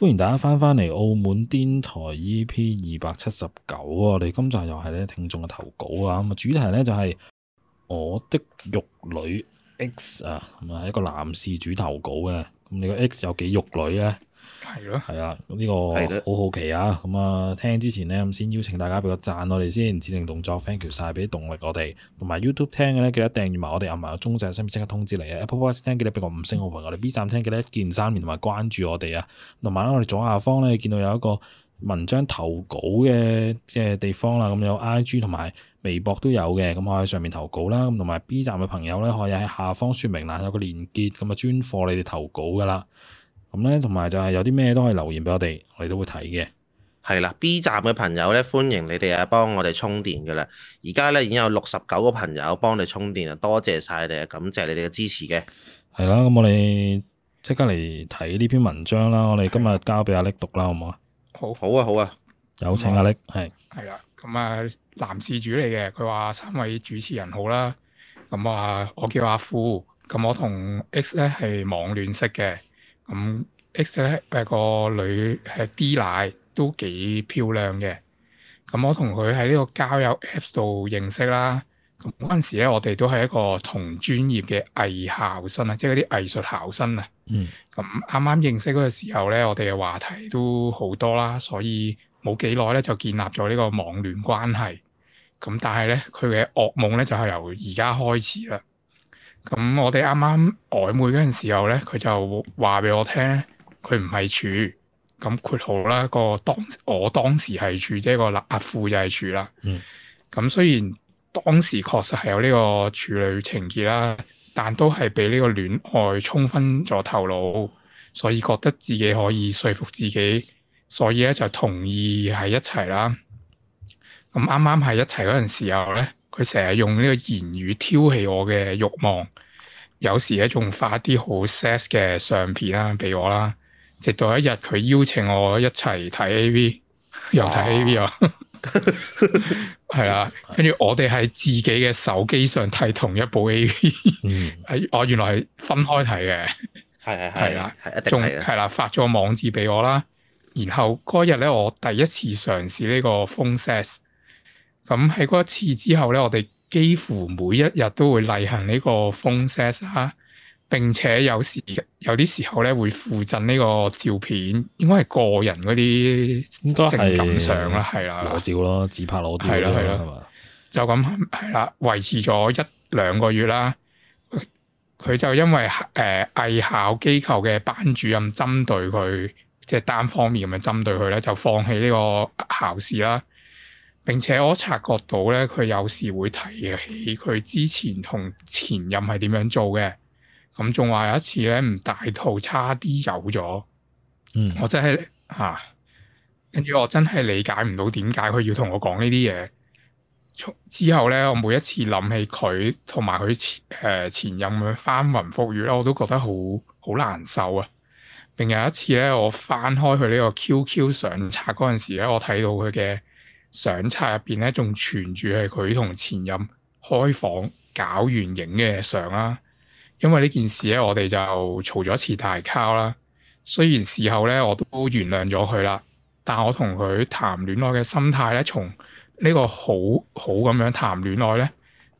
歡迎大家翻返嚟澳門癲台 E P 二百七十九啊！我哋今集又係咧聽眾嘅投稿啊，咁啊主題咧就係、是、我的玉女 X 啊，咁係一個男事主投稿嘅，咁你個 X 有幾玉女啊？係咯，係啦，呢、 嗯呢個好好奇啊！咁、嗯、啊，聽之前呢，咁先邀請大家俾個讚我哋先，指定動作 thank you 晒，俾啲動力我哋。同埋 YouTube 聽嘅呢，記得訂閱埋我哋，撳埋個鐘仔，順便即刻通知你啊！Apple Podcast 聽記得俾個五星好評我哋，B 站聽記得一鍵三連同埋關注我哋啊！同埋咧，我哋左下方呢，見到有一個文章投稿嘅即地方啦，咁、嗯、有 IG 同埋微博都有嘅，咁我喺上面投稿啦，咁同埋 B 站嘅朋友呢，可以喺下方說明欄、嗯，有個連結，咁啊專課你哋投稿噶啦。咁咧，同埋就係有啲咩都可以留言俾我哋，我哋都會睇嘅。係啦，B 站嘅朋友咧，歡迎你哋啊，幫我哋充電噶啦。而家咧已經有六十九個朋友幫你充電啊，多謝晒你哋，感謝你哋嘅支持嘅。係啦，咁我哋即刻嚟睇呢篇文章啦。我哋今日交俾阿叻讀啦，好唔好啊？好，好啊，好啊。有請阿叻，係係啦。咁啊，男事主嚟嘅，佢話三位主持人好啦。咁啊，我叫阿富，咁我同 X 咧係網戀識嘅。咁 X 咧，係個女，係 D 奶都幾漂亮嘅，咁我同佢喺呢個交友 Apps 度認識啦。咁嗰陣時咧，我哋都係一個同專業嘅藝校生啊，即係嗰啲藝術考生啊。嗯。咁啱啱認識嗰個時候咧，我哋嘅話題都好多啦，所以冇幾耐咧就建立咗呢個網戀關係。咁但係咧，佢嘅噩夢咧就係、是、由而家開始啦。咁我哋啱啱曖昧嗰陣時候咧，佢就話俾我聽，佢唔係處。咁括號啦，個當我當時係處，即係個阿富就係處啦。咁、嗯、雖然當時確實係有呢個處女情結啦，但都係俾呢個戀愛沖昏咗頭腦，所以覺得自己可以說服自己，所以咧就同意喺一齊啦。咁啱啱喺一齊嗰陣時候咧。佢成日用呢個言語挑起我嘅欲望，有時咧仲發啲好 sex 嘅相片啦俾我啦，直到一日佢邀請我一齊睇 A.V. 又睇 A.V. 啊，係啦，跟住我哋喺自己嘅手機上睇同一部 A.V.，我原來係分開睇嘅，係係係啦，係一定係啦，發咗個網字俾我啦，然後嗰日咧我第一次嘗試呢個風 sex。咁喺嗰一次之後咧，我哋幾乎每一日都會例行呢個風聲啊，並且有時有啲時候咧會附贈呢個照片，應該係個人嗰啲性感相是的啦，係啦，裸照咯，自拍裸照咯的，係咯係咯，就咁係啦，維持咗一兩個月啦，佢就因為誒藝考機構嘅班主任針對佢，即係單方面咁樣針對佢咧，就放棄呢個考試啦。並且我察覺到咧，佢有時會提起佢之前同前任係點樣做嘅，咁仲話有一次咧唔大肚差啲有咗，嗯，我真係嚇，跟、啊、住我真係理解唔到點解佢要同我講呢啲嘢。之後咧，我每一次諗起佢同埋佢前誒前任嘅翻雲覆雨咧，我都覺得好好難受啊。並有一次咧，我翻開佢呢個 QQ 相冊嗰陣時咧，我睇到佢嘅。相冊入邊咧，仲存住係佢同前任開房搞完影嘅相啦。因為呢件事咧，我哋就嘈咗一次大交啦。雖然事後咧，我都原諒咗佢啦，但我同佢談戀愛嘅心態咧，從呢個好好咁樣談戀愛咧，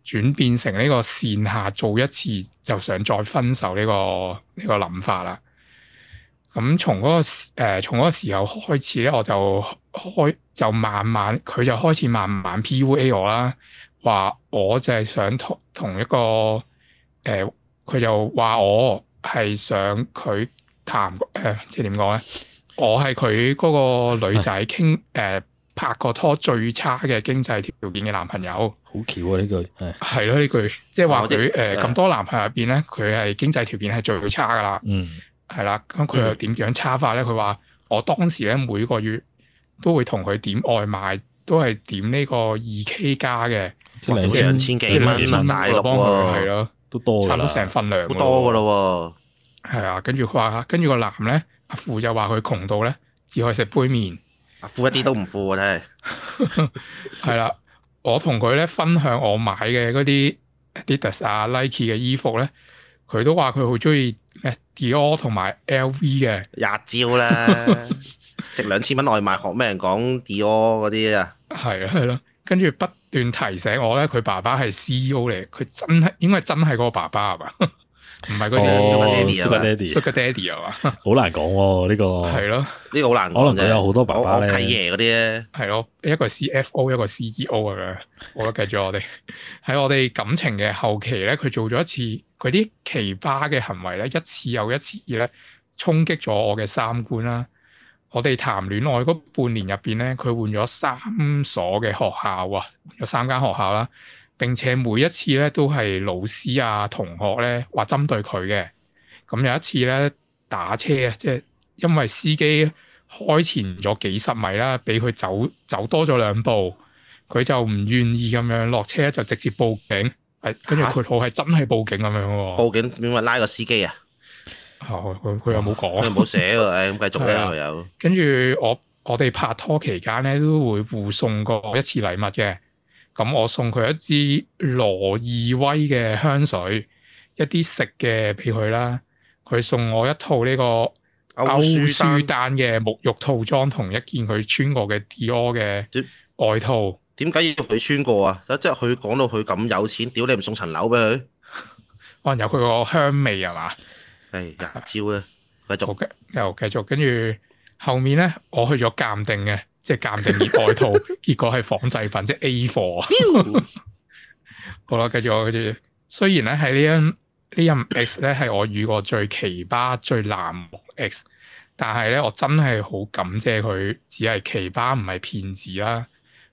轉變成呢個線下做一次就想再分手呢個呢個諗法啦。咁從嗰、嗰個誒、呃、從嗰個時候開始咧，我就開就慢慢佢就開始慢慢 PUA 我啦，話我就係想同同一個誒，佢、呃、就話我係想佢談誒，即係點講咧？我係佢嗰個女仔傾誒拍過拖最差嘅經濟條件嘅男朋友。好巧啊！呢句係係咯，呢、啊、句、啊、即係話佢誒咁多男朋友入邊咧，佢係經濟條件係最差㗎啦。嗯。係啦，咁佢又點樣差法咧？佢話我當時咧每個月都會同佢點外賣，都係點呢個二 K 加嘅，即係兩千幾蚊奶幫佢，係咯，都多啦，差唔多成份量，好多噶咯喎，係啊，跟住佢話，跟住個男咧，阿富又話佢窮到咧，只可以食杯麪，阿富一啲都唔富嘅，真係，係 啦，我同佢咧分享我買嘅嗰啲 Adidas 啊 Nike 嘅衣服咧。佢都話佢好中意誒 Dior 同埋 LV 嘅，日照啦，食兩千蚊外賣學咩人講 Dior 嗰啲， 啊？係啊，係咯，跟住不斷提醒我咧，佢爸爸係 CEO 嚟，佢真係應該真係嗰個爸爸係嘛？ 唔係嗰啲 super daddy 啊，這個，super daddy 啊嘛，好難講喎，呢個係咯，呢個好難講，可能就有好多爸爸咧契爺、嗰啲咧，係咯、啊，一個係 CFO 一個 CEO 咁樣，好啦，繼續我哋喺我哋感情嘅後期咧，佢做咗一次佢啲奇葩嘅行為咧，一次又一次咧，衝擊咗我嘅三觀啦。我哋談戀愛嗰半年入邊咧，佢換咗三所嘅學校啊，有三間學校啦。並且每一次咧都係老師啊同學咧話針對佢嘅，咁有一次咧打車啊，即係因為司機開前咗幾十米啦，俾佢走走多咗兩步，佢就唔願意咁樣落車，就直接報警。誒、啊，跟住佢好似真係報警咁樣喎。報警點解拉個司機啊？佢佢又冇講，佢冇寫喎，誒，咁繼續有。跟住、嗯、我我哋拍拖期間咧都會互送過一次禮物嘅。咁、嗯、我送佢一支羅意威嘅香水，一啲食嘅俾佢啦。佢送我一套呢個歐舒丹嘅沐浴套裝，同一件佢穿過嘅 Dior 嘅外套。點解要佢穿過啊？即係佢講到佢咁有錢，屌你唔送層樓俾佢，可能 有佢個香味係嘛？係廿招啊！繼續，又繼、哦、續，跟住後面咧，我去咗鑑定嘅。即係鑑定而外套， 結果係仿製品，即係 A 貨。 好啦，跟住我跟住，雖然咧係呢音呢音 X 咧係我遇過最奇葩最難忘 X，但係咧我真係好感謝佢，只係奇葩唔係騙子啦。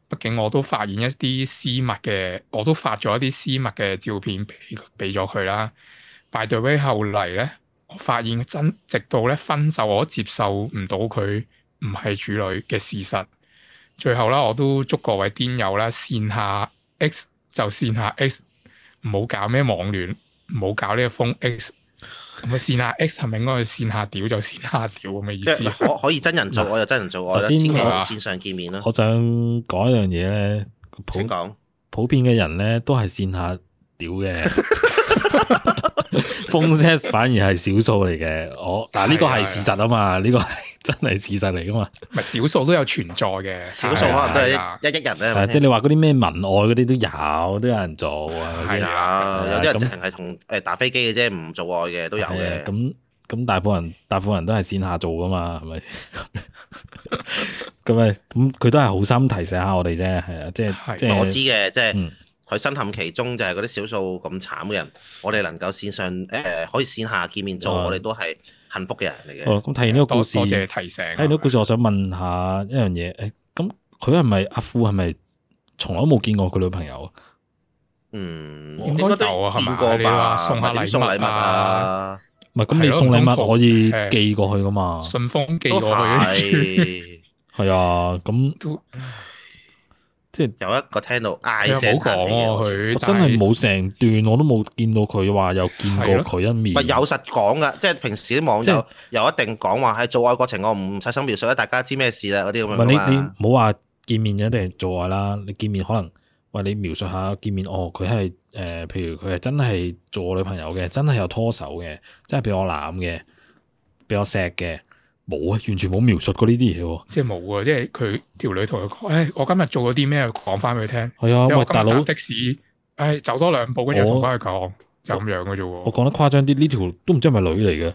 畢竟我都發現一啲私密嘅，我都發咗一啲私密嘅照片俾俾咗佢啦。By the way 後嚟咧，我發現真直到咧分手，我都接受唔到佢，唔係主女嘅事實，最後啦，我都祝各位癲友啦，線下 X 就線下 X，唔好搞咩網戀，唔好搞呢一封 X。咁啊，線下 X 係咪應該去線下屌就線下屌咁嘅意思？即係可以真人做我就真人做， 我有錢嘅線上見面啦。我想講一樣嘢咧，請講。普，說普遍嘅人咧都係線下屌嘅。 Phone sex 反而係少數嚟嘅，我嗱呢個係事實啊嘛，呢個真係事實嚟噶嘛。咪少數都有存在嘅，少數可能都係一億人咧。即係你話嗰啲咩文愛嗰啲都有，都有人做啊。有啲人係同誒打飛機嘅啫，唔做愛嘅都有嘅。咁咁大部分大部分人都係線下做噶嘛，係咪？咁啊，咁佢都係好心提醒下我哋啫，係啊，即係即係我知嘅，即係。佢身陷其中就係嗰啲少數咁慘嘅人，我哋能夠線上誒可以線下見面做，我哋都係幸福嘅人嚟嘅。哦，咁睇完呢個故事，多謝提醒。睇完呢個故事，我想問下一樣嘢，誒，咁佢係咪阿富係咪從來都冇見過佢女朋友？嗯，應該都見過吧。送下禮，送禮物啊，唔係咁你送禮物可以寄過去噶嘛？順豐寄過去，係啊，咁都。即係有一個聽到嗌聲，啊、好講像佢，他真係冇成段，是我都冇見到佢話有見過佢一面，唔係的有實講噶，即係平時啲網友即有一定講話喺做愛過程，我唔唔細心描述咧，大家知咩事啦嗰啲咁樣。唔係你你唔好話見面一定係做愛啦，你見面可能喂你描述下見面哦，佢係誒，譬如佢係真係做我女朋友嘅，真係有拖手嘅，真係俾我攬嘅，俾我錫嘅。冇啊，完全冇描述過呢啲嘢喎。即係冇啊，即係佢條女同佢講，唉，我今日做咗啲咩，講翻俾佢聽。係啊，因為，大佬的士，唉，走多兩步，跟住同佢講，就咁樣嘅啫。我講得誇張啲，呢條都唔知係咪女嚟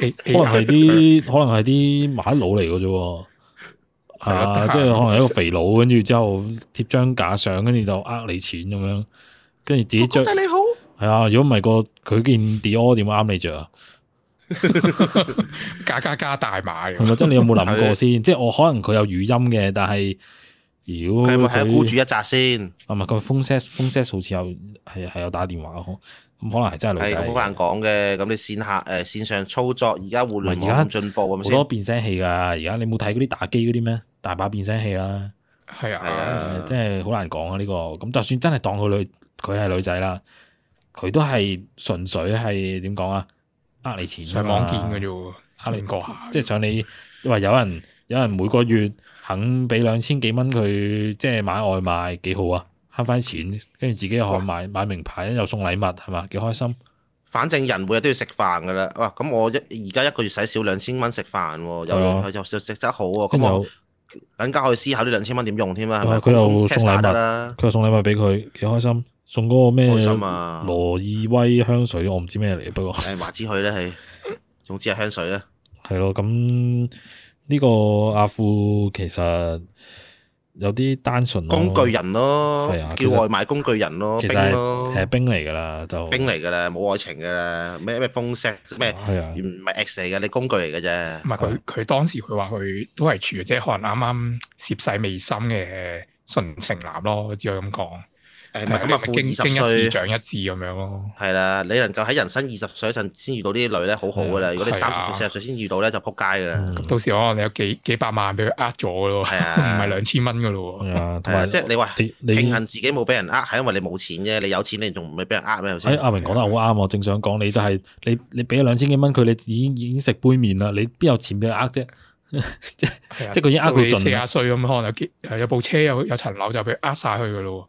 嘅，可能係啲可能係啲麻甩佬嚟嘅啫。啊，即係可能係一個肥佬，跟住之後貼張假相，跟住就呃你錢咁樣，跟住自己着。你好，係啊，如果唔係個佢件 Dior 點會啱你着啊？加加加大碼，係咪？即係你有冇諗過先？的即係我可能佢有語音嘅，但係，妖，佢係孤住一扎先。唔係佢 phone sex phone sex 好似有係係有打電話咁，可能係真係女仔。好難講嘅。咁的你綫下誒、呃、綫上操作，而家互聯網進步咁在多變聲器噶。而家你冇睇嗰啲打機嗰啲咩？大把變聲器啦。係啊的，啊的，真係好難講啊！呢、呢個咁就算真係當佢女，佢係女仔啦，佢都係純粹係點講啊？慳你錢啊！上網見嘅啫，慳、啊、國你個下。即係想你話有人，有人每個月肯俾兩千幾蚊佢，即係買外賣，幾好啊！慳翻錢，跟住自己又可以買哇買名牌，又送禮物，係嘛？幾開心！反正人每日都要食飯噶啦，哇、啊！咁我一而家一個月使少兩千蚊食飯，又又就食得好喎，咁的有我等陣間可以思考呢兩千蚊點用添啊。佢又送禮物得啦，佢、啊、又送禮物俾佢，幾開心。送嗰個咩羅意威香水，啊、我唔知咩嚟，不過話 之佢咧係，總之係香水啦。係咯，咁呢個阿富其實有啲單純咯，工具人咯，係啊，叫外賣工具人咯，其實係冰嚟噶啦，就冰嚟噶啦，冇愛情噶啦，咩咩風色咩，唔係、啊、X 嚟噶，你工具嚟噶啫。唔係佢佢當時佢話佢都係處，即係可能啱啱涉世未深嘅純情男咯，只可以咁講。誒咁啊！經一事長一智咁樣咯，係啦，你能夠喺人生二十歲嗰陣先遇到呢啲女咧，好好嘅啦。如果你三十歲、四十歲先遇到咧，就撲街嘅啦。咁到時可能你有幾幾百萬俾佢呃咗嘅喎，唔係兩千蚊嘅咯喎。啊，同埋即係你話，慶幸自己冇俾人呃，係因為你冇錢啫。你有錢你仲唔係俾人呃咩？阿明講得好啱啊！正想講你就係你你俾咗兩千幾蚊佢，你已經已經食杯麪啦。你邊有錢俾佢呃啫？即係即係佢已經呃佢盡。四十歲咁可能有部車有有層樓就俾佢呃晒去嘅咯。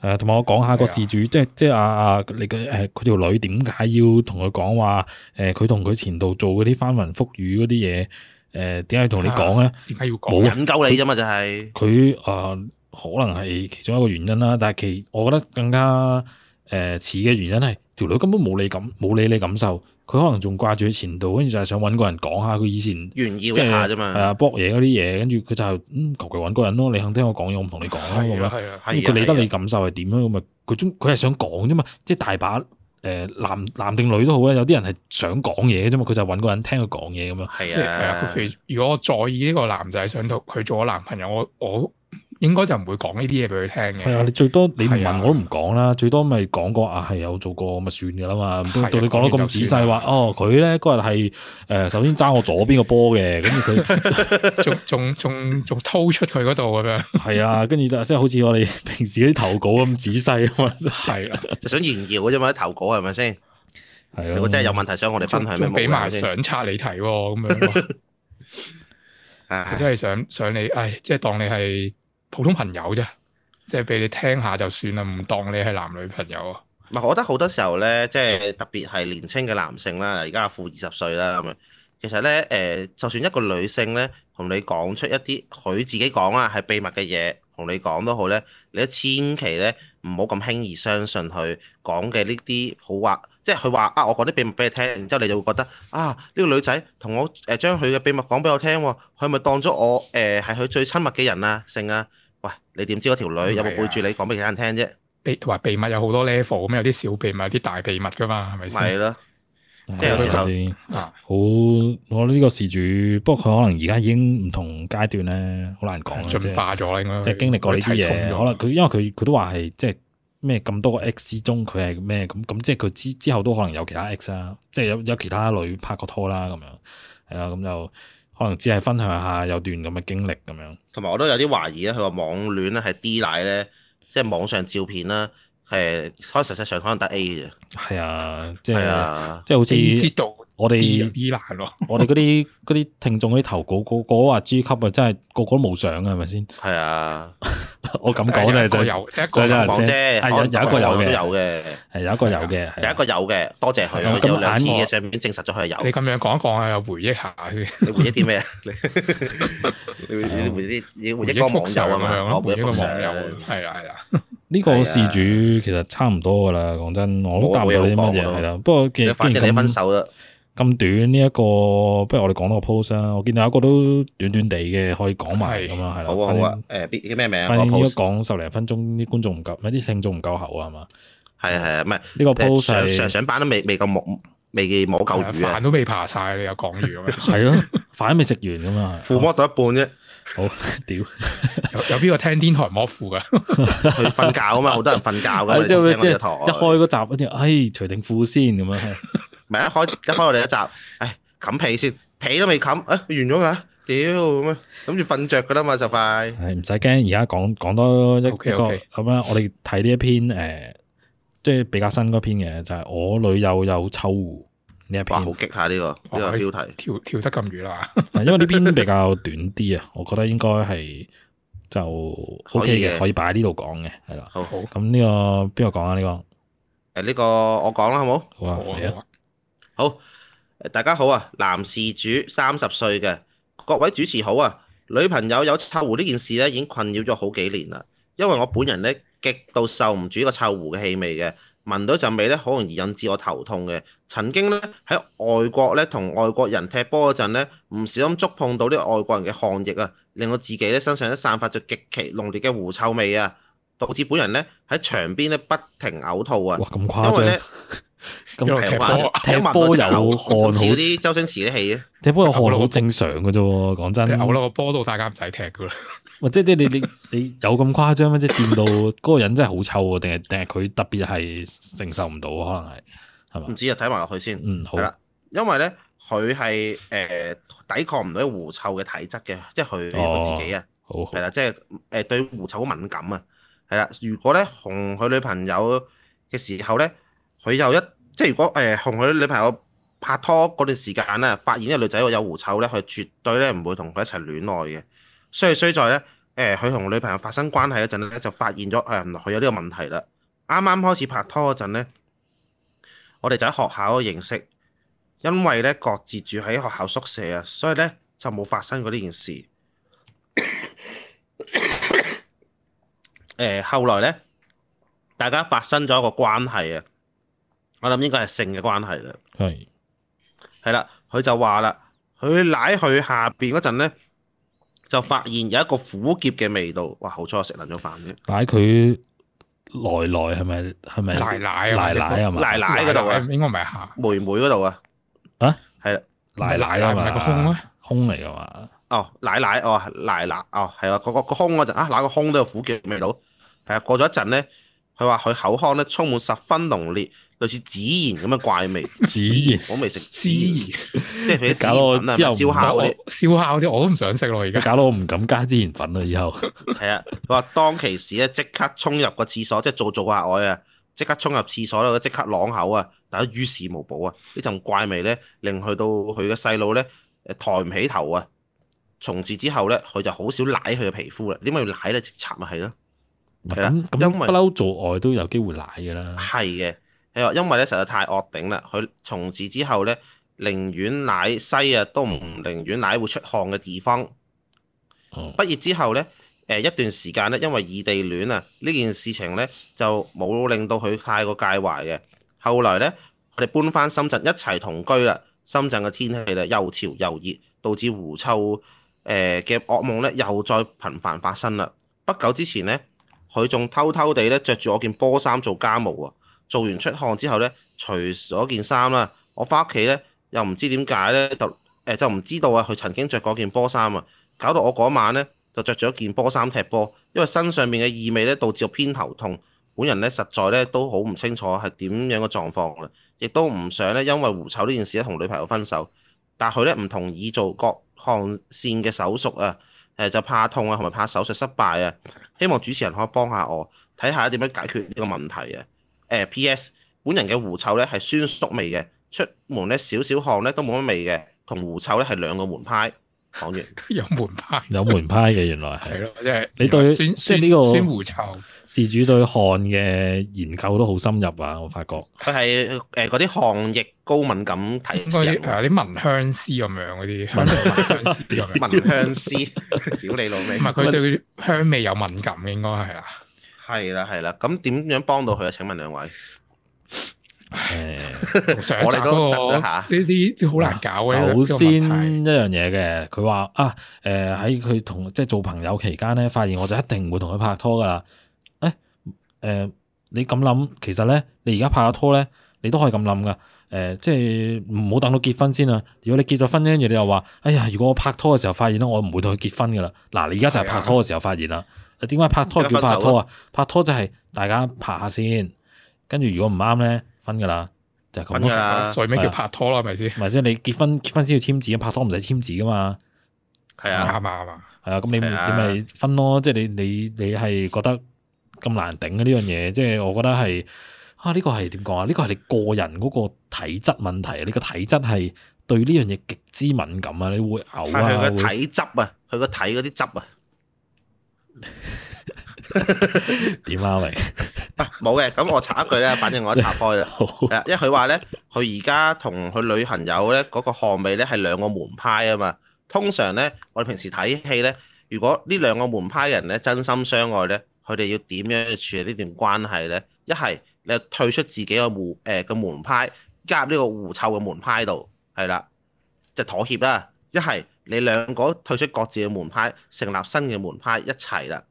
誒，同埋我講下個事主，的即係即係阿阿你嘅誒，佢、啊、條女點解要同佢講話？誒、呃，佢同佢前度做嗰啲翻雲覆雨嗰啲嘢，誒點解要同你講咧？點解要講？冇有引誘你啫嘛，就係佢誒，可能係其中一個原因啦。但係其，我覺得更加誒似嘅原因係。條女根本冇你感，冇理你感受，佢可能仲掛住喺前度，跟住就係想揾個人講下佢以前，炫耀一下啫嘛。係啊，撲嘢嗰啲嘢，跟住佢就係、嗯求其揾個人咯。你肯聽我講嘢，我唔同你講咯咁樣。係啊佢，啊啊、理得你感受係點樣？咁咪佢中佢係想講啫嘛。即係大把誒、呃、男男定女都好咧，有啲人係想講嘢嘅啫嘛。佢就揾個人聽佢講嘢咁樣。係啊係啊。譬如如果我在意呢個男仔想同佢做我男朋友，我我。應該就唔會講呢啲嘢俾佢聽嘅。係 啊，你最多你唔問我都唔講啦，是啊、最多咪講個啊係有做過咪算噶啦嘛。到你講得咁仔細話，哦佢咧嗰日係誒、呃、首先揸我左邊個波嘅，跟住佢仲仲仲仲掏出佢嗰度咁樣。係 啊，跟住就即係好似我哋平時啲投稿咁仔細 是啊嘛， 係啊，就想炫耀啫嘛啲投稿係咪先？係啊，如果真係有問題想我哋分享，即俾埋相冊你睇咁樣、樣。啊，即係想想你，唉，即係當你係。 普通朋友啫，即係俾你聽下就算啦，唔當你係男女朋友啊。唔係、嗯，我覺得好多時候呢，即係特別係年青嘅男性啦，而家又負二十歲啦咁樣。其實呢，誒、呃，就算一個女性呢，同你講出一啲佢自己講啦，係秘密嘅嘢，同你講都好呢，你千祈呢唔好咁輕易相信佢講嘅呢啲好話，即係佢話啊，我講啲秘密俾你聽，然之後你就會覺得啊，呢、這個女仔同我誒將佢嘅秘密講俾我聽，佢咪當咗我誒係佢最親密嘅人啊，性啊？喂，你點知嗰條女是是、啊、有冇背住你講俾其他人聽啫？秘同埋秘密有好多 level，咁有啲小秘密，有啲大秘密噶嘛，係咪先？係咯，即係有啲啊，嗯、好，我呢個事主，不過佢可能而家已經唔同階段咧，好難講。進、啊就是、化咗應該，即係經歷過呢啲嘢，可能佢因為佢佢都話係即係咩咁多個 x 之中，佢係咩咁咁，即係佢之之後都可能有其他 x 啦，即係有有其他女拍過拖啦，咁樣係啦，咁就。可能只係分享下有段咁嘅經歷咁樣，同埋我都有啲懷疑咧，佢話網戀咧係 D 奶咧，即係網上照片啦，誒，可能實質上可能得 A 嘅啫。係啊，即係、啊、即係好似。我哋啲難咯，我哋嗰啲嗰啲聽眾嗰啲投稿，個個話豬級啊，真係個個都冇相啊，係咪先？係啊，我咁講就就有，就咁講啫。係有一個有嘅，有一個有嘅，係有一個有嘅。多謝佢，有兩件嘢上面證實咗佢有。你咁樣講一講啊，有回憶下先。你回憶啲咩啊？你你回憶啲，你回憶個網友啊嘛？我回憶個網友，係啊係啊。呢個事主其實差唔多噶啦，講真，我都答唔到啲乜嘢係啦。不過驚驚咁分手啦。咁短呢一個，不如我哋講多個 pose 啊！我見到有一個都短短地嘅，可以講埋咁啊，係啦。好啊好啊，誒叫咩名？反正講十零分鐘，啲觀眾唔夠，咪啲聽眾唔夠喉啊，係嘛？係啊係啊，唔係呢個 pose 上上上班都未未夠木，未冇夠魚飯都未爬晒。你又講魚咁樣？係咯，飯都未食完咁嘛。撫摸到一半啫。好屌，有有邊個聽天台摸褲噶？去瞓覺啊嘛，好多人瞓覺咁即係即係一開個集嗰陣，哎，除定褲先咁樣。咪一開一開我哋一集，哎，冚被先，被都未冚，哎，完咗嘛？屌咁啊，諗住瞓着噶啦嘛，就快。係唔使驚，而家講講多一個咁啊，我哋睇呢一篇，誒，即係比較新嗰篇嘅，就係我女友有臭狐呢一篇，好激下呢個標題跳跳得咁遠啦，因為呢篇比較短啲啊，我覺得應該係就 OK 嘅，可以擺喺呢度講嘅，係啦。好，咁呢個邊個講啊？呢個誒，呢個我講啦，好冇？好啊，啊。好，大家好啊！男事主三十歲嘅，各位主持好啊！女朋友有臭狐呢件事咧，已經困擾咗好幾年啦。因為我本人咧，極度受唔住呢個臭狐嘅氣味嘅，聞到陣味咧，好容易引致我頭痛嘅。曾經咧喺外國咧同外國人踢波嗰陣咧，唔小心觸碰到呢個外國人嘅汗液啊，令我自己咧身上咧散發着極其濃烈嘅狐臭味啊，導致本人咧喺場邊咧不停嘔吐啊！哇，咁誇張。咁踢波，有汗好似啲周星馳啲戲咧，踢波有汗好正常嘅啫。講安真，好啦，個波都大家唔使踢噶啦。喂， 即係即係你你你有咁誇張咩？即係掂到嗰個人真係好臭啊？定係定係佢特別係承受唔到？可能係係嘛？唔知。啊，睇埋落去先。嗯，好。係啦，因為咧，佢係誒抵抗唔到狐臭嘅體質嘅，即係佢自己啊、哦。好係啦，即係誒對狐臭敏感啊。係啦，如果咧同佢女朋友嘅時候咧，佢有一。即係如果誒，同、呃、佢女朋友拍拖嗰段時間咧，發現呢個女仔有狐臭咧，佢絕對咧唔會同佢一齊戀愛嘅。衰衰在咧，誒、呃，佢同女朋友發生關係嗰陣咧，就發現咗誒，佢、呃、有呢個問題啦。啱啱開始拍拖嗰陣咧，我哋就喺學校認識，因為咧各自住喺學校宿舍啊，所以咧就冇發生過呢件事。誒、呃，後來咧，大家發生咗一個關係啊！我諗應該係性嘅關係啦，係係啦，佢就話啦，佢舐佢下邊嗰陣咧，就發現有一個苦澀嘅味道，哇！好彩我食撚咗飯啫。舐佢來來係咪係咪？奶奶奶奶係嘛？奶奶嗰度啊，應該唔係下，妹妹嗰度啊，啊係啦，奶奶啊係咪，個胸咧，胸嚟噶嘛？哦，奶奶哦，奶奶哦係啊，嗰個個胸嗰陣啊，舐個胸都有苦澀味道，係啊，過咗一陣咧，佢話佢口腔咧充滿十分濃烈。類似孜然咁嘅怪味，孜然我未食孜然，即係佢啲孜然粉燒烤嗰啲燒烤啲我都唔想食咯，而家搞到我唔敢加孜然粉啦，以後係啊，佢話當其時咧，即刻衝入個廁所，即係做做下愛啊，即刻衝入廁所啦，即刻朗口啊，但係於事無補啊，呢陣怪味咧令去到佢嘅細路咧，誒抬唔起頭啊，從此之後咧佢就好少舐佢嘅皮膚啦，點解要舐咧？直插咪係咯，係啦，咁因為不嬲做愛都有機會舐噶啦，係嘅。因為咧實在太惡頂啦，佢從此之後咧，寧願奶西啊，都唔寧願奶會出汗嘅地方。畢、嗯、業之後咧，誒一段時間咧，因為異地戀啊，呢件事情咧就冇令到佢太過介懷嘅。後來咧，佢哋搬翻深圳一齊同居啦。深圳嘅天氣啦又潮又熱，導致狐臭誒嘅、呃、噩夢咧又再頻繁發生啦。不久之前咧，佢仲偷偷地咧着住我件波衫做家務啊。做完出汗之後咧，除咗件衫啦，我翻屋企咧又唔知點解咧，就誒、呃、就唔知道啊，佢曾經着嗰件波衫啊，搞到我嗰晚咧就着咗件波衫踢波，因為身上面嘅異味咧導致我偏頭痛，本人咧實在咧都好唔清楚係點樣嘅狀況啊，亦都唔想咧因為狐臭呢件事咧同女朋友分手，但佢咧唔同意做割汗腺嘅手術啊，誒、呃、就怕痛啊，同埋怕手術失敗啊，希望主持人可以幫下我睇下點樣解決呢個問題啊！誒，P.S. 本人嘅狐臭咧係酸縮味嘅，出門咧少少汗咧都冇乜味嘅，同狐臭咧係兩個門派。講完有門派，有門派嘅原來係。係咯，即係你對即係呢個酸狐臭事主對汗嘅研究都好深入啊！我發覺佢係誒嗰啲汗液高敏感體質，係啲聞香師咁樣嗰啲。聞香師，聞香師屌你老味。唔係佢對香味有敏感嘅，應該係啦。係啦，係啦，咁點樣幫到佢啊？請問兩位，我哋嗰個呢啲都好難搞嘅。首先一樣嘢嘅，佢話啊，誒喺佢同即係做朋友期間咧，發現我就一定唔會同佢拍拖噶啦。誒、哎，誒、呃，你咁諗，其實咧，你而家拍咗拖咧，你都可以咁諗噶。誒、呃，即係唔好等到結婚先啊。如果你結咗婚呢，跟住，你又話，哎呀，如果我拍拖嘅時候發現咧，我唔會同佢結婚噶啦。嗱，你而家就係拍拖嘅時候發現啦。 點解拍拖叫拍拖啊？拍拖就係大家拍下先，跟住如果唔啱咧，分噶啦，就係咁噶啦。所以咪叫拍拖啦，係咪先？唔係即係你結婚結婚先要簽字，拍拖唔使簽字噶嘛。係啊，係嘛嗎，係嘛。係啊，咁、啊、你、啊、你咪分咯。即係你你你係覺得咁難頂嘅呢樣嘢？ 即係我覺得係啊，呢、這個係點講啊？呢、這個係你個人嗰個體質問題，你個體質係對呢樣嘢極之敏感啊！你會嘔啊，會。係佢個體啊，佢個體嗰啲汁啊。點 啊榮？唔冇嘅，咁我查一句咧，反正我查開啦。 好因為佢話咧，佢而家同佢女朋友咧嗰個汗味咧係兩個門派啊嘛。通常咧，我哋平時睇戲咧，如果呢兩個門派人咧真心相愛咧，佢哋要點樣去處理呢段關係咧？一係你退出自己個門誒個門派，加入呢個狐臭嘅門派度，係啦就妥協啦；一係。你兩個退出各自嘅門派，成立新嘅門派，一齊啦。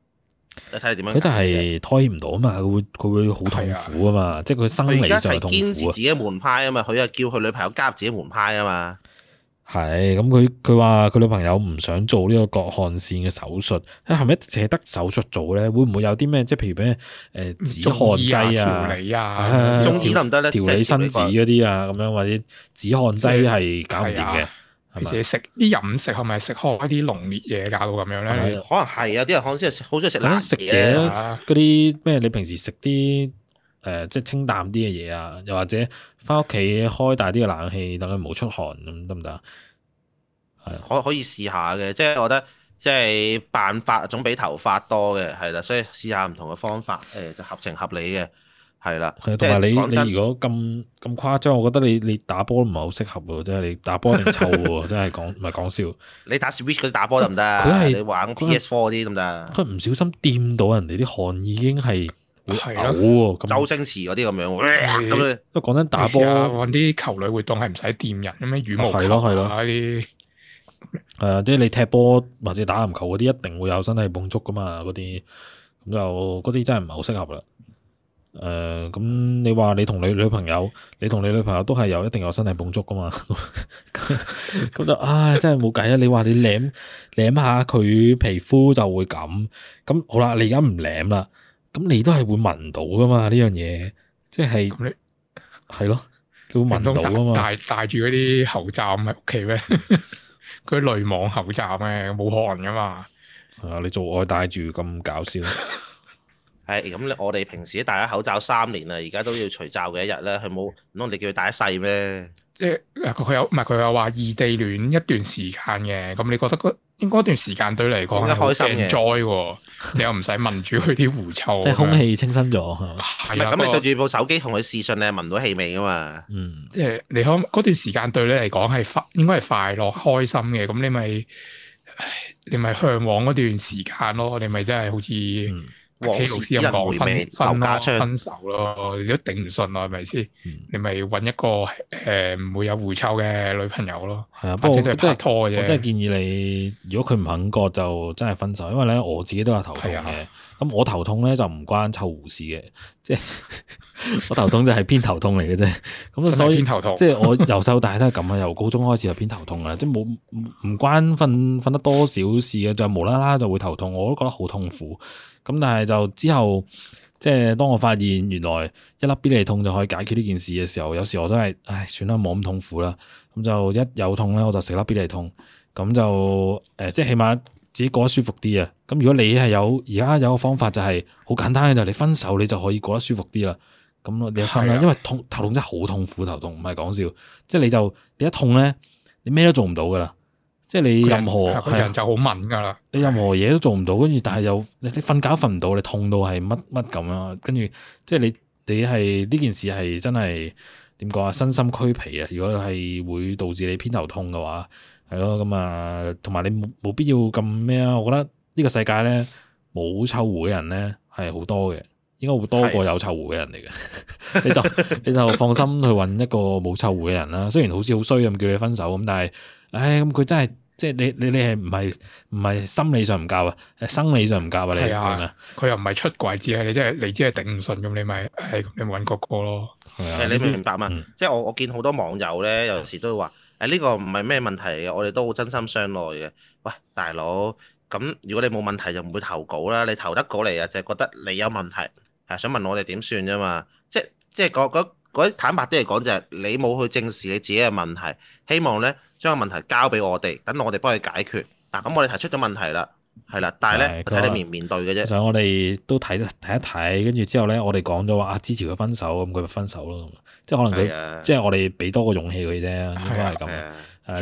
看看你睇點樣？佢就係推唔到啊嘛，佢會佢會好痛苦啊嘛，即係佢生理上痛，堅持自己門派啊嘛，佢又叫佢女朋友加入自己門派啊嘛。係咁，佢佢話佢女朋友唔想做呢個割汗腺嘅手術，佢係咪淨係得手術做咧？會唔會有啲咩即係譬如咩誒止汗劑啊、調、啊、理啊、中醫得唔得咧？調行行理身子嗰啲啊，咁樣或者止汗劑係搞唔掂嘅。是的 食食啲飲食，係咪食開啲濃烈嘢搞到咁樣咧？可能係啊，啲人好中意食好中意食食嘢嗰啲咩？你平時食啲誒，即係清淡啲嘅嘢啊，又或者翻屋企開大啲嘅冷氣，等佢冇出汗咁得唔得？係可以可以試下嘅，即係我覺得即係辦法總比頭髮多嘅，係啦，所以試下唔同嘅方法，誒就合情合理嘅。係啦，係同埋你你如果咁咁誇張，我覺得你你打波唔係好適合喎，即係你打波仲臭喎，真係講唔係講笑。你打 switch 嗰啲打波得唔得？佢係玩 PS4 啲得唔得？佢唔小心掂到人哋啲汗已經係嘔喎，周星馳嗰啲咁樣，咁即係講真打波。啊，搵啲球類活動係唔使掂人，咁樣羽毛球啊啲。誒，即係你踢波或者打籃球嗰啲，一定會有身體碰撞噶嘛，嗰啲咁就嗰啲真係唔係好適合啦。誒，咁、呃、你話你同你女朋友，你同你女朋友都係有一定有身體碰觸噶嘛？咁 就唉、哎，真係冇計啊！你話你舐舐下佢皮膚就會咁，咁好啦，你而家唔舐啦，咁你都係會聞到噶嘛？呢樣嘢即係，係你咯，你會聞到啊嘛？戴戴住嗰啲口罩喺屋企咩？佢 濾 網口罩咩？冇汗噶嘛？啊，你做愛戴住咁搞笑？ 係咁，你我哋平時都戴咗口罩三年啦，而家都要除罩嘅一日咧，佢冇，咁我哋叫佢戴一世咩？即係佢有唔係佢又話異地戀一段時間嘅，咁你覺得嗰應該嗰段時間對你嚟講係開心嘅，你又唔使聞住佢啲狐臭，即係空氣清新咗。係咪咁？你對住部手機同佢視訊，你係聞到氣味噶嘛？嗯，即係你可嗰段時間對你嚟講係快，應該係快樂開心嘅。咁你咪你咪嚮往嗰段時間咯？你咪真係好似。王老師有講分分咯，分手咯，如果頂唔順啊，係咪先？是是嗯、你咪搵一個誒，唔、呃、會有狐臭嘅女朋友咯。係啊，不過即係拖嘅，我真係建議你，如果佢唔肯割，就真係分手。因為咧，我自己都有頭痛嘅。咁的我頭痛咧就唔關臭狐事嘅，即係 我頭痛就係偏頭痛嚟嘅啫。咁 所以頭痛， 即係我由細到大都係咁啊，由高中開始就偏頭痛啊，即係冇唔唔關瞓瞓得多少事嘅，就無啦啦就會頭痛，我都覺得好痛苦。咁但係就之後，即係當我發現原來一粒必理痛就可以解決呢件事嘅時候，有時我真係，唉，算啦，冇咁痛苦啦。咁就一有痛咧，我就食粒必理痛。咁就誒，即係起碼自己過得舒服啲啊。咁如果你係有而家有個方法就係好簡單嘅，就係你分手你就可以過得舒服啲啦。咁你一分啦，係。因為痛頭痛真係好痛苦，頭痛唔係講笑。即係你就你一痛咧，你咩都做唔到噶啦。即係你任何，人就好敏噶啦。你任何嘢都做唔到，跟住但係又你瞓覺瞓唔到，你痛到係乜乜咁啊？跟住即係你你係呢件事係真係點講啊？身心俱疲啊！如果係會導致你偏頭痛嘅話，係咯咁啊，同埋你冇必要咁咩啊？我覺得呢個世界咧，冇臭狐嘅人咧係好多嘅，應該會多過有臭狐嘅人嚟嘅。你就你就放心去搵一個冇臭狐嘅人啦。雖然好似好衰咁叫你分手咁，但係。唉，咁佢真係即係你你你係唔係唔係心理上唔夠啊？係生理上唔夠啊？你咁啊？佢又唔係出軌，只係你真係你真係頂唔順咁，你咪係你咪揾個個咯。誒，你明唔明白嘛？即係我我見好多網友咧，有時都會話誒呢個唔係咩問題嘅，我哋都好真心相愛嘅。喂，大佬，咁如果你冇問題就唔會投稿啦。你投得過嚟啊，就係覺得你有問題係想問我哋點算啫嘛。即即係嗰嗰嗰坦白啲嚟講，就係你冇去正視你自己嘅問題，希望咧。將個問題交俾我哋，等我哋幫佢解決。嗱，咁我哋提出咗問題啦，係啦，但係咧睇你面面對嘅啫。所以我哋都睇睇一睇，跟住之後咧，我哋講咗話啊，支持佢分手，咁佢咪分手咯。即係可能佢，即係我哋俾多個勇氣佢啫。應該係咁。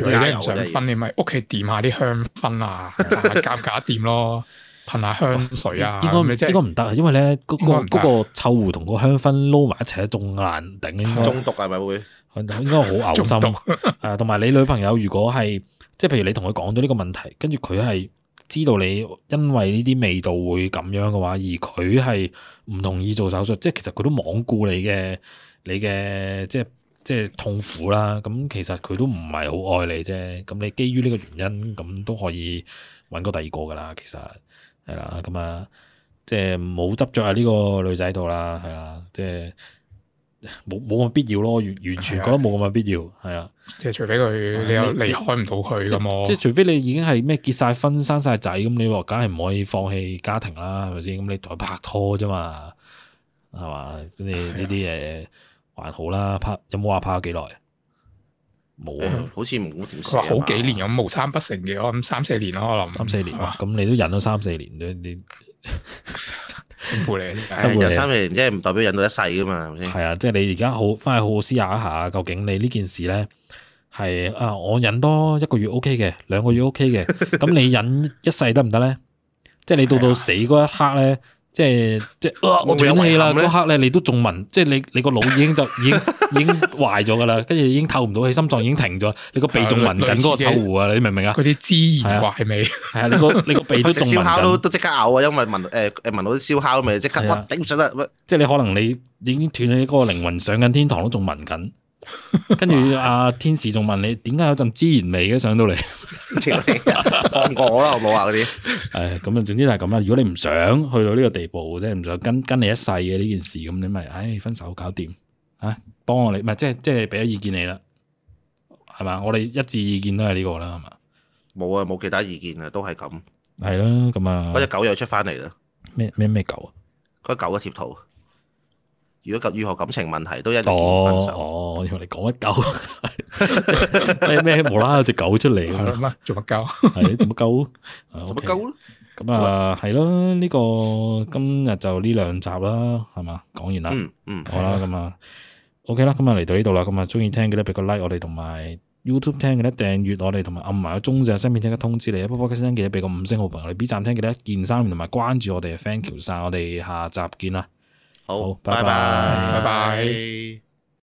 即係想分你咪屋企掂下啲香薰啊，夾夾掂咯，噴下香水啊。應該咪即係應該唔得啊，因為咧嗰個臭狐同嗰個香薰撈埋一齊咧，仲難頂。中毒係咪會？應該好嘔心，誒 啊，同埋你女朋友如果係，即係譬如你同佢講咗呢個問題，跟住佢係知道你因為呢啲味道會咁樣嘅話，而佢係唔同意做手術，即係其實佢都罔顧你嘅，你嘅即係即係痛苦啦。咁其實佢都唔係好愛你啫。咁你基於呢個原因，咁都可以揾個第二個噶啦。其實係啦，咁啊，即係唔好執着喺呢個女仔度啦，係啦，即係。冇冇咁必要咯，完完全覺得冇咁嘅必要，係啊。即係除非佢你又離開唔到佢，咁即係除非你已經係咩結晒婚生晒仔咁，你話梗係唔可以放棄家庭啦，係咪先？咁你同佢拍拖啫嘛，係嘛？咁你呢啲嘢還好啦，拍有冇話拍咗幾耐？冇啊，好似冇好幾年咁，無三不成嘅。我諗三四年咯可能。三四年啊，咁你都忍咗三四年，你你、啊。辛苦你，辛苦你。哎、三年即係唔代表忍到一世噶嘛，係咪先？係啊，即、就、係、是、你而家好返去好好思考一,一下，究竟你呢件事咧係啊，我忍多一個月 OK 嘅，兩個月 OK 嘅，咁 你忍一世得唔得咧？即、就、係、是、你到到死嗰一刻咧？ 嗯即係即係，我斷氣啦！嗰刻咧，你都仲聞，即係你你個腦已經就 已已壞咗噶啦，跟住已經透唔到氣，心臟已經停咗，你鼻聞個鼻仲聞緊嗰個臭狐啊！你明唔明啊？嗰啲孜然怪味，你個你個鼻佢食燒烤都都即刻嘔啊！因為聞誒誒聞到啲燒烤味，即刻骨頂唔順啦！即係你可能你已經斷咗嗰個靈魂上緊天堂都仲聞緊。 跟住阿、啊、天使仲問你點解有陣孜然味嘅上到嚟？我啦，我冇話嗰啲。誒，咁啊，總之就係咁啦。如果你唔想去到呢個地步，即係唔想跟跟你一世嘅呢件事，咁你咪，唉，分手搞掂啊！幫我你，唔係即係即係俾咗意見你啦，係嘛？我哋一致意見都係呢、呢個啦，係嘛？冇啊，冇其他意見啊，都係咁。係咯，咁啊。嗰隻狗又出翻嚟啦？咩咩咩狗啊？嗰隻狗嘅貼圖。如果及如何感情問題都一啲唔分手。哦，用嚟講一嚿？咩咩？無啦，有隻狗出嚟。做乜鳩？係做乜鳩？做乜鳩？咁啊，係咯。呢個今日就呢兩集啦，係嘛？講完啦。嗯嗯。好啦，咁啊。O K 啦，咁啊嚟到呢度啦。咁啊，鍾意聽嘅咧俾個 like 我哋同埋 YouTube 聽嘅咧訂閱我哋，同埋按埋鐘就新片聽嘅通知你啊。波波嘅先生記得俾個五星好評。我哋 B 站聽嘅咧，件衫同埋關注我哋，Thank you 晒。我哋下集見啦。好，拜拜，拜拜。